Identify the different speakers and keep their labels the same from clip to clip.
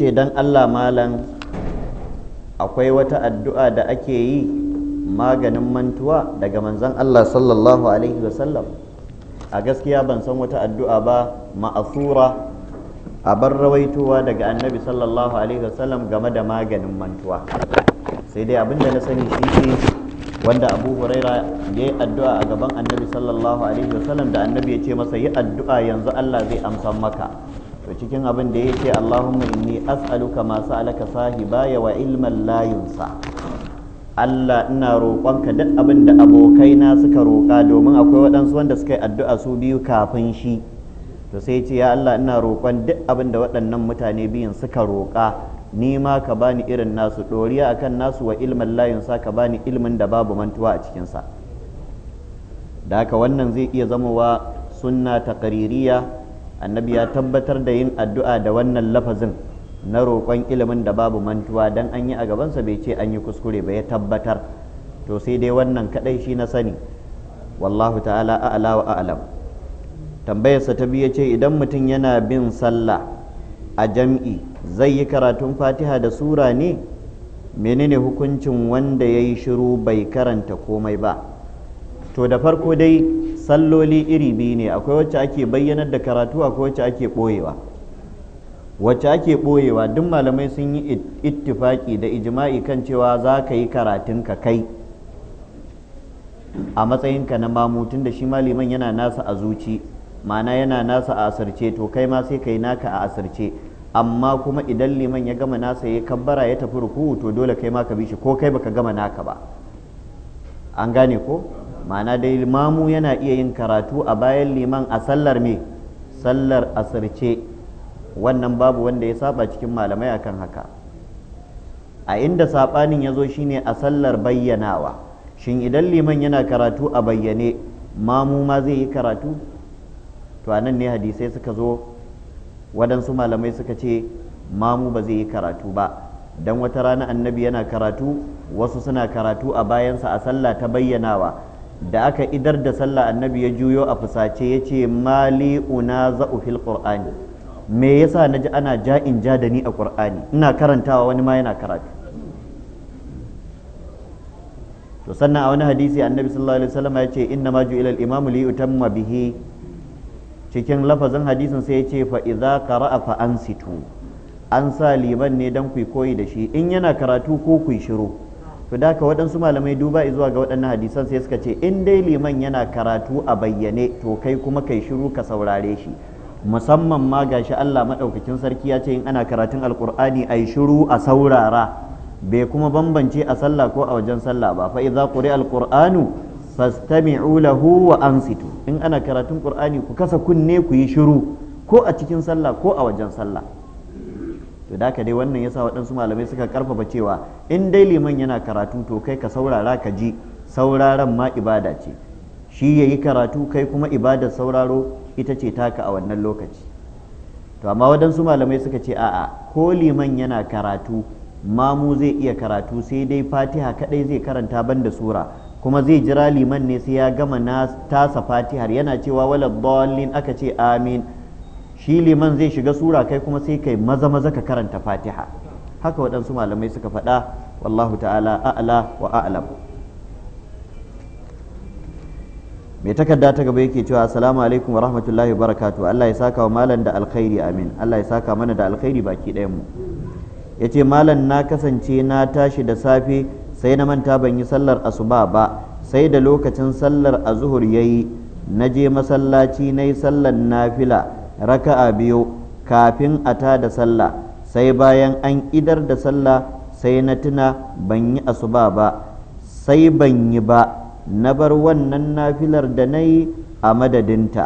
Speaker 1: ce don allah malam akwai wata addu'a da ake yi maganin mantuwa daga manzan allah sallallahu alaihi wasallam a gaskiya ban san wata addu'a ba ma'asura a bar rawaitowa daga annabi sallallahu alaihi wasallam game da maganin mantuwa sai dai abinda na sani shi ne wanda abu huraira ya yi addu'a a gaban annabi sallallahu alaihi wasallam da annabi ya ce masa yi addu'a yanzu allah zai amsa maka to cikin abin da ya ce Allahumma inni as'aluka ma sa'alaka sahibaya wa ilman la yunsa Allah ina roƙonka duk abin da abokaina suka roƙa domin akwai waɗansu wanda suka yi addu'a su biyu kafin shi to sai ce ya Allah ina roƙon duk abin da waɗannan mutane biyun suka roƙa ni ma ka bani irin nasu ɗoriya akan nasu wa ilmin la ka bani ilmin da babu mantuwa a cikinsa da haka wannan zai iya wa sunna taqririya annabi ya tabbatar da yin addu'a da wannan lafazin na roƙon ilimin da babu mantuwa dan an yi a gabansa bai ce an yi kuskure ba ya tabbatar to sai dai wannan kadai shi na sani wallahu ta'ala a'la wa a'lam tambayarsa ta biyu ce idan mutum yana bin sallah a jam'i zai yi karatun fatiha da sura ne menene hukuncin wanda ya yi shiru bai karanta komai ba to da farko dai salloli iri biyu ne akwai wacce ake bayyanar da karatu akwai wacce ake ɓoyewa wacce ake ɓoyewa duk malamai sun yi ittifaki da ijma'i kan cewa za ka yi karatun ka kai a matsayinka na mamutun da shi maliman yana nasa a zuci ma'ana yana nasa a asirce to kai ma sai ka yi naka a asirce amma kuma idan liman ya gama nasa ya kabbara ya tafi ruku'u to dole kai ma ka bi shi ko kai baka gama naka ba an gane ko ma'ana dai mamu yana iya yin karatu a bayan liman a sallar me sallar asirce wannan babu wanda ya saba cikin malamai akan haka a inda sabanin ya zo shine a sallar bayyanawa shin idan liman yana karatu a bayyane mamu ma zai yi karatu to anan ne hadisai suka zo waɗansu malamai suka ce mamu ba zai yi karatu ba don wata rana annabi yana karatu wasu suna karatu a bayansa a sallah ta bayyanawa da aka idar da sallah annabi ya juyo a fusace ya ce mali una za'u fil qur'ani me yasa naji ana ja'in ja da ni a qur'ani ina karantawa wani ma yana karatu to sannan a wani hadisi annabi sallallahu alaihi wasallam ya ce inna ma ju'ila al imamu li utamma bihi cikin lafazin hadisin sai ya ce fa idza qara'a fa ansitu an sa liman ne dan ku koyi da shi in yana karatu ko ku shiru to da ka waɗansu malamai duba zuwa ga waɗannan hadisan sai suka ce in dai liman yana karatu a bayyane to kai kuma kai shiru ka saurare shi musamman ma gashi Allah maɗaukakin sarki ya ce in ana karatun alkur'ani ai shiru a saurara bai kuma bambance a sallah ko a wajen sallah ba fa idza quri alqur'anu fastami'u lahu wa ansitu in ana karatun qur'ani ku kasa kunne ku yi shiru ko a cikin sallah ko a wajen sallah to da ka dai wannan yasa waɗansu malamai suka karfafa cewa in dai liman yana karatu to kai ka saurara ka ji sauraron ma ibada ce shi ya yi karatu kai kuma ibadar sauraro ita ce taka a wannan lokaci to amma waɗansu malamai suka ce a'a ko liman yana karatu mamu zai iya karatu sai dai fatiha kaɗai zai karanta banda sura kuma zai jira liman ne sai ya gama na tasa fatihar yana cewa wala bolin aka ce amin shi liman zai shiga sura kai kuma sai kai maza maza ka karanta fatiha haka waɗansu malamai suka faɗa wallahu ta'ala a'la wa a'lam mai takarda ta gaba yake cewa assalamu alaikum wa rahmatullahi wa barakatuh Allah ya saka wa malam da alkhairi amin Allah ya saka mana da alkhairi baki ɗayan mu yace malam na kasance na tashi da safe sai na manta ban yi sallar asuba ba sai da lokacin sallar azuhur yayi na je masallaci na yi sallar nafila raka'a biyu kafin a ta da sallah sai bayan an idar da sallah sai na tuna ban yi asuba ba sai ban yi ba na bar wannan nafilar da na yi a madadinta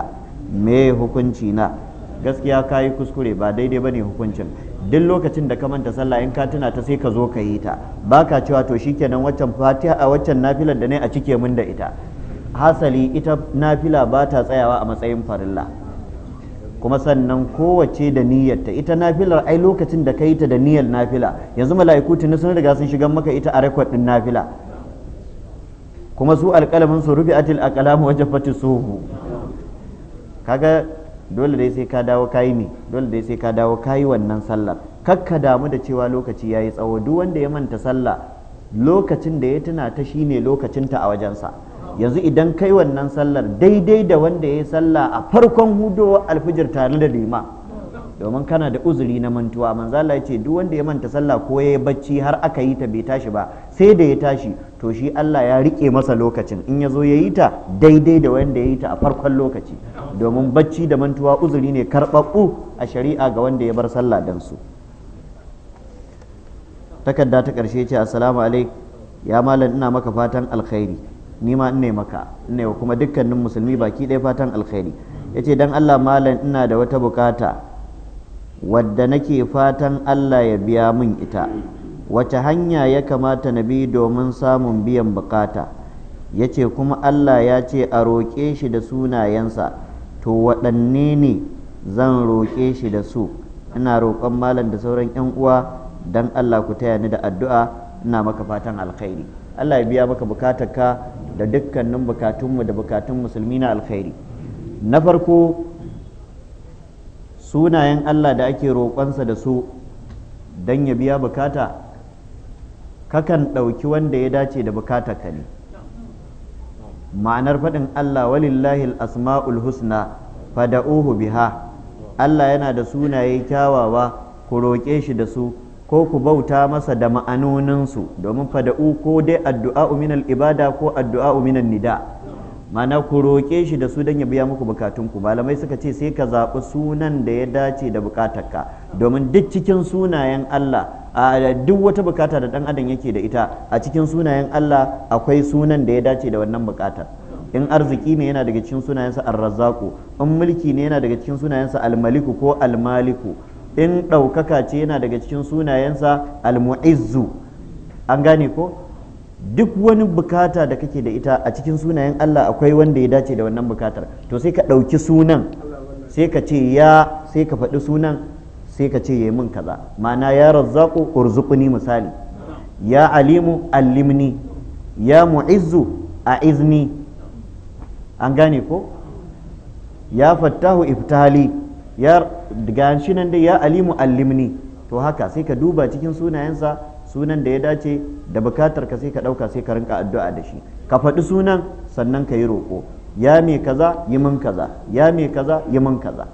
Speaker 1: me hukunci na gaskiya ka yi kuskure ba daidai ba ne hukuncin duk lokacin da ka manta sallah in ka tuna ta sai ka zo ka yi ta ba ka cewa to shikenan waccan fatiha a waccan nafilar da na yi a cike mun da ita hasali ita nafila ba ta tsayawa a matsayin farilla kuma sannan kowace da niyyarta ita nafilar ai lokacin da ka yi ta da niyyar nafila yanzu mala'iku tuni sun riga sun shiga maka ita a rekwad din nafila kuma su alƙalamin su rufe atil aqlam wajen jaffati suhu kaga dole dai sai ka dawo kayi ne dole dai sai ka dawo kai wannan sallar kakka damu da cewa lokaci yayi tsawo duk wanda ya manta sallah lokacin da ya tuna ta shine lokacinta a wajensa yanzu idan kai wannan sallar daidai da wanda ya yi sallah a farkon hudu alfijir tare da lima domin kana da uzuri na mantuwa manzala yace ce duk wanda ya manta sallah ko ya yi bacci har aka yi ta bai tashi ba sai da ya tashi to shi Allah ya rike masa lokacin in ya zo ya yi ta daidai da wanda ya yi ta a farkon lokaci domin bacci da mantuwa uzuri ne karɓaɓɓu a shari'a ga wanda ya bar sallah dan su takarda ta ƙarshe ce assalamu alaikum ya malam ina maka fatan alkhairi ni ma ina maka ina kuma dukkanin musulmi baki ɗaya fatan alkhairi yace dan Allah malam ina da wata bukata wadda nake fatan Allah ya biya min ita wace hanya ya kamata na bi domin samun biyan bukata yace kuma Allah ya ce a roƙe shi da sunayensa to waɗanne ne zan roƙe shi da su ina roƙon malam da sauran 'yan uwa dan Allah ku taya ni da addu'a ina maka fatan alkhairi Allah ya biya maka bukatarka da dukkanin bukatunmu da bukatun musulmi na alkhairi na farko sunayen Allah da ake roƙonsa da su don ya biya bukata kakan ɗauki wanda ya dace da bukata ka ne ma'anar faɗin Allah walillahi asma'ul husna fada'uhu biha Allah yana da sunaye kyawawa ku roƙe shi da su ko ku bauta masa da ma'anoninsu domin fada'u ko dai addu'a minal ibada ko addu'a minan nida mana ku roƙe shi da su don ya biya muku bukatun ku malamai suka ce sai ka zaɓi sunan da ya dace da bukatarka domin duk cikin sunayen Allah a duk wata bukata da ɗan adam yake da ita a cikin sunayen Allah akwai sunan da ya dace da wannan bukatar in arziki ne yana daga cikin sunayensa ar-razzaqu in mulki ne yana daga cikin sunayensa maliku ko al-maliku. in ɗaukaka ce yana daga cikin sunayensa almu'izzu an gane ko duk wani bukata da kake da ita a cikin sunayen Allah akwai wanda ya dace da wannan bukatar to sai ka ɗauki sunan sai ka ce ya sai ka faɗi sunan sai ka ce ya min kaza ma'ana ya razzaku urzuqni misali ya alimu allimni ya mu'izzu a izni an gane ko ya fattahu iftali ya gashi nan dai ya alimu allimni to haka sai ka duba cikin sunayensa sunan da ya dace da bukatar ka sai ka ɗauka sai ka rinka addu'a da shi ka faɗi sunan sannan ka yi roƙo ya me kaza yi min kaza ya me kaza yi min kaza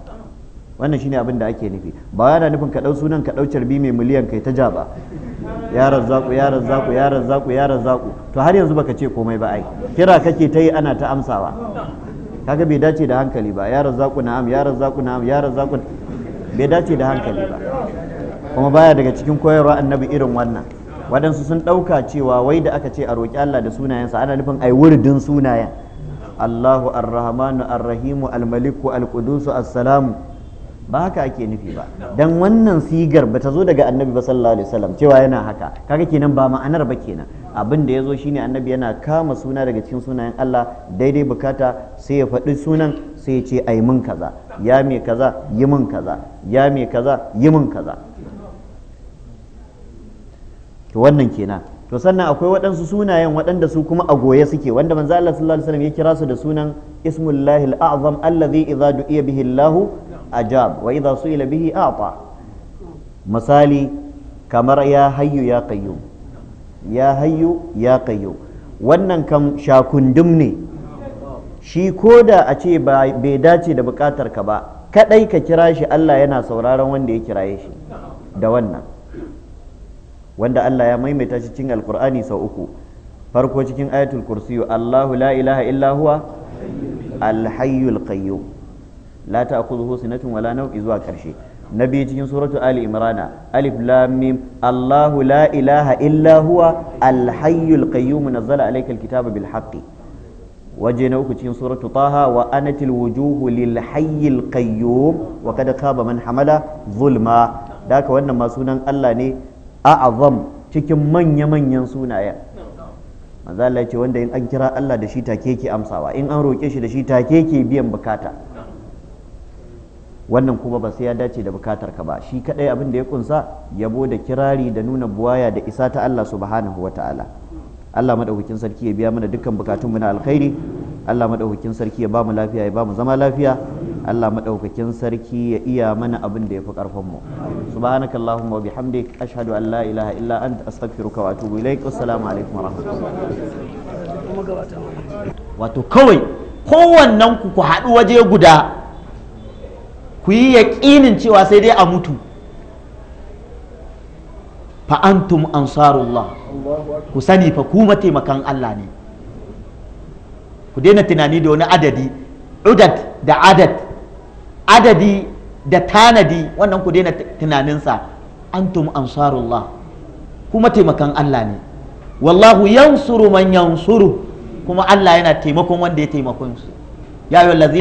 Speaker 1: wannan shine abin da ake nufi ba yana nufin ka dau sunan ka dau carbi mai miliyan kai ta jaba ba ya razzaku ya razzaku ya razzaku ya razzaku to har yanzu baka ce komai ba ai kira kake ta yi ana ta amsawa kaga bai dace da hankali ba ya razzaqu na'am ya razzaqu na'am ya razzaqu bai dace da hankali ba kuma baya daga cikin koyarwa annabi irin wannan wadansu sun ɗauka cewa wai da aka ce a roƙi Allah da sunayensa ana nufin ai wurdin sunayen Allahu ar rahman ar-Rahimu al-Maliku al qudus as salam ba haka ake nufi ba dan wannan sigar bata zo daga annabi ba sallallahu alaihi wasallam cewa yana haka kaga kenan ba ma'anar ba kenan abin da ya zo shine annabi yana kama suna daga cikin sunayen Allah daidai bukata sai ya faɗi sunan sai ya ce ai mun kaza ya me kaza yi mun kaza ya me kaza yi mun kaza to wannan kenan to sannan akwai waɗansu sunayen waɗanda su kuma a goye suke wanda manzo Allah sallallahu alaihi wasallam ya kira su da sunan ismullahi al alladhi, allazi idza du'iya bihi Allah ajab wa idza su'ila bihi a'ta misali kamar ya hayyu ya qayyum ya hayyu ya kayo wannan kam shakundum ne shi ko da a ce bai dace da bukatar ka ba kadai ka kira shi Allah yana sauraron wanda ya kiraye shi da wannan wanda Allah ya maimaita shi cikin alkur'ani sau uku farko cikin ayatul kursiyu Allahu la ilaha illa huwa alhayyul qayyum la ta'khudhuhu sinatun wala nawm zuwa karshe na biyu cikin suratu ali imrana alif lam mim allahu la ilaha illa huwa al hayyul qayyum nazzala alayka al kitaba bil haqqi waje na uku cikin suratu taha wa anatil wujuhu lil hayyil qayyum wa kada khaba man hamala zulma daka wannan ma sunan Allah ne a'azam cikin manya manyan sunayen manzo Allah ce wanda in an kira Allah da shi take yake amsawa in an roke shi da shi take ke biyan bukata wannan kuma ba sai ya dace da bukatar ka ba shi kadai abin da ya kunsa yabo da kirari da nuna buwaya da isa ta Allah subhanahu ta'ala Allah madaukakin sarki ya biya mana dukkan bukatunmu na alkhairi Allah madaukakin sarki ya ba mu lafiya ya ba mu zama lafiya Allah madaukakin sarki ya iya mana abin da ya fi karfin mu subhanakallahumma wa bihamdik ashhadu an la ilaha illa anta astaghfiruka wa atubu ilaik assalamu alaikum wa rahmatullahi wato kawai kowannen ku ku haɗu waje guda ku yi yaƙinin cewa sai dai a mutu fa antum ansarullah ku sani fa ku mataimakan Allah ne ku daina tunani da wani adadi udad da adad adadi da tanadi wannan ku daina tunaninsa antum ansarullah kuma taimakan Allah ne wallahu yansuru man yansuru kuma Allah yana taimakon wanda ya taimakon su ya yi